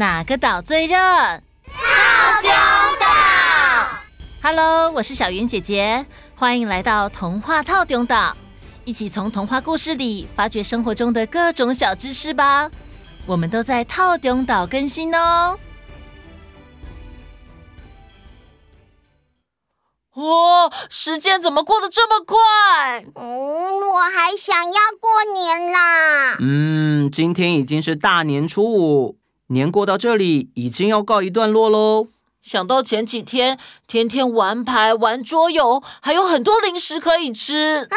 哪個島最熱？透中島。Hello，我是小雲姐姐，歡迎來到童話透中島，一起從童話故事裡發掘生活中的各種小知識吧。我們都在透中島更新哦。哦，時間怎麼過得這麼快？嗯，我還想要過年啦。嗯，今天已經是大年初五。年過到這裡，已經要告一段落嘍。想到前幾天天天玩牌、玩桌遊，還有很多零食可以吃。嗯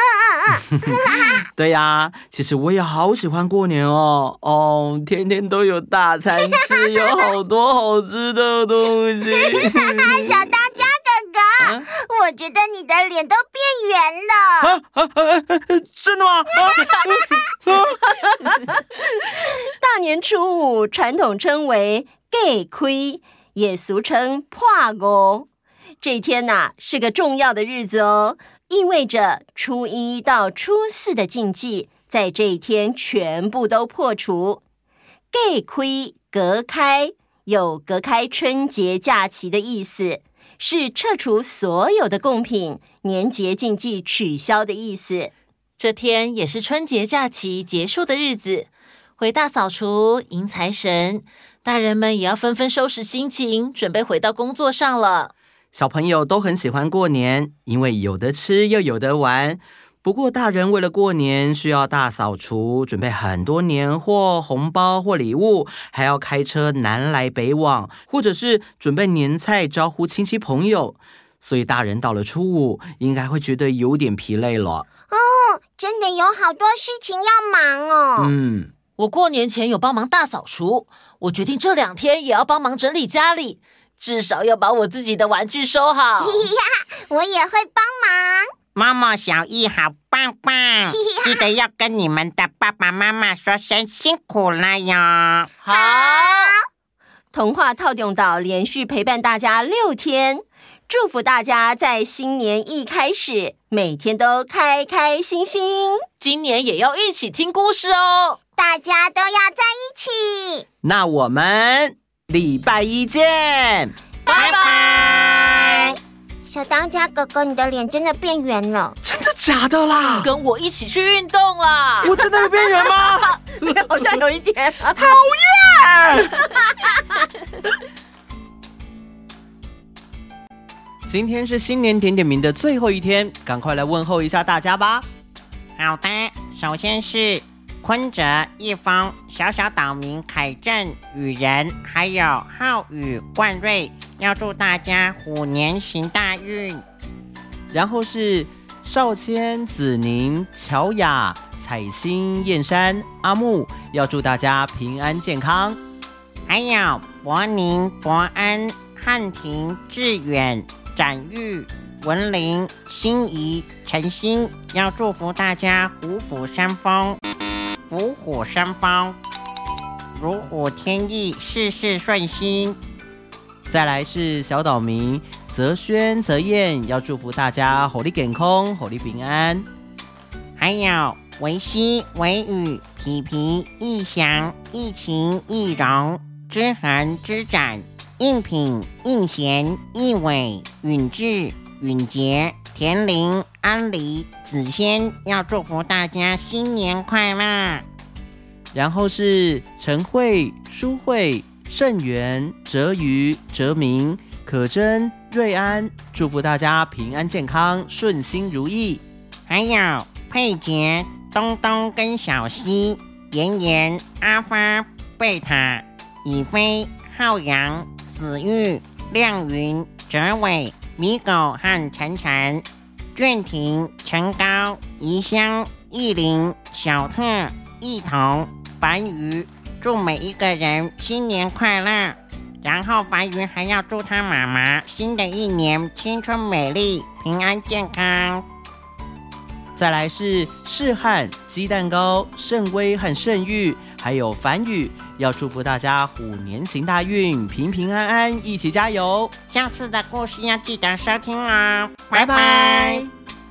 嗯嗯，嗯嗯 對呀、啊，其實我也好喜歡過年哦。哦，天天都有大餐吃， 有好多好吃的東西。哈哈，小當家哥哥，啊、我覺得你的臉都變圓了。啊啊啊啊、真的嗎？啊 大年初五，傳統稱為“隔開”，也俗稱“破工”。這一天吶、啊、是個重要的日子哦，意味着初一到初四的禁忌在這一天全部都破除。“隔開”隔開有隔開春節假期的意思，是撤除所有的供品、年節禁忌取消的意思。這天也是春節假期結束的日子。回大掃除，迎財神，大人們也要紛紛收拾心情，準備回到工作上了。小朋友都很喜歡過年，因為有得吃又有得玩。不過大人為了過年，需要大掃除，準備很多年貨、紅包或禮物，還要開車南來北往，或者是準備年菜招呼親戚朋友。所以大人到了初五，應該會覺得有點疲累了。哦，真的有好多事情要忙哦。嗯。我過年前有幫忙大掃除，我決定這兩天也要幫忙整理家裡，至少要把我自己的玩具收好。 我也會幫忙。媽媽、小藝好棒棒！ 記得要跟你們的爸爸媽媽說聲辛苦了呀。好。好，童話透中島連續陪伴大家六天，祝福大家在新年一開始每天都開開心心。今年也要一起聽故事哦。大家都要在一起。那我們禮拜一見，拜拜 bye。小當家哥哥，你的臉真的變圓了，真的假的啦？跟我一起去運動啦。我真的有變圓嗎？臉 好像有一點。 討厭。 今天是新年點點名的最後一天，趕快來問候一下大家吧。好的，首先是。坤澤、一方，小小島民、凱正、與仁，還有浩宇、冠瑞，要祝大家虎年行大運。然後是少謙、子寧、喬雅、彩星、燕山、阿木，要祝大家平安健康。還有柏寧、柏安、漢庭、致遠、展玉、文林、心儀、陳星，要祝福大家虎虎生風。福虎生風，如虎添翼，事事順心。再來是小島民澤軒、澤燕，要祝福大家予你健康，予你平安。還有維希、維宇、皮皮、一翔、一晴、一榮、之恆、之展、應品、應賢、逸偉、允志、允杰。田林、安里、子仙要祝福大家新年快樂。然後是陳慧、舒慧、盛元、哲宇、哲明、可真、瑞安，祝福大家平安健康、順心如意。還有佩杰、東東、跟小西、妍妍、阿發、貝塔、以飛、浩洋、子玉、亮雲、哲偉，米狗和晨晨，俊廷、陳高、怡香、藝林、小特、藝彤、凡宇，祝每一個人新年快樂！然後凡宇還要祝他媽媽新的一年青春美麗、平安健康。再來是世翰、雞蛋糕、盛威，和盛玉。還有梵宇，要祝福大家虎年行大運，平平安安，一起加油！下次的故事要記得收聽哦，拜拜。拜拜。